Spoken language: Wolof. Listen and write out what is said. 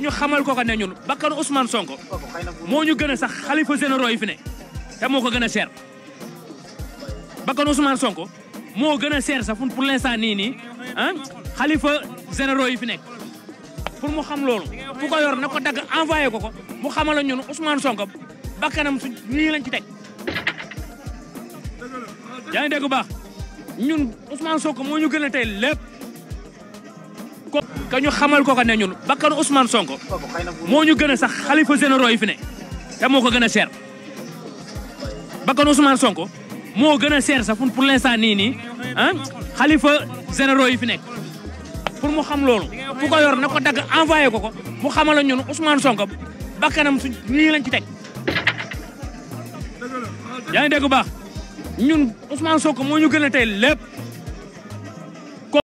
que xamal ko ko ne ñun bakkanu Ousmane Sonko moo ñu gën a sax xalifa généraux yi fi ne te moo ko gën a cher bakkanu Ousmane Sonko moo gën a cher sax pour l'instant nii nii xalifa généraux yi fi nekk pour mu xam loolu fu ko yor na ko dagg envoyé ko ko mu xamala ñun Ousmane Sonko bakkanam su nii lañ ci teg yaa ngi dégg bu baax ñun usmaan Sonko moo ñu gën a tey lépp ko ka ñu xamal ko ko ne ñun bakkanu Ousmane Sonko moo ñu gën a sax xalifa généraux yi fi ne te moo ko gën a cher bakkanu Ousmane Sonko moo gën a cher sax pour l'instant nii nii ah xalifa généraux yi fi nekk pour mu xam loolu fu ko yor na ko dagg envoyé ko ko mu xamala ñun Ousmane Sonko bakkanam su nii lañ ci teg yaa ngi dégg bu baax ñun usmaan Sonko moo ñu gën a tey lépp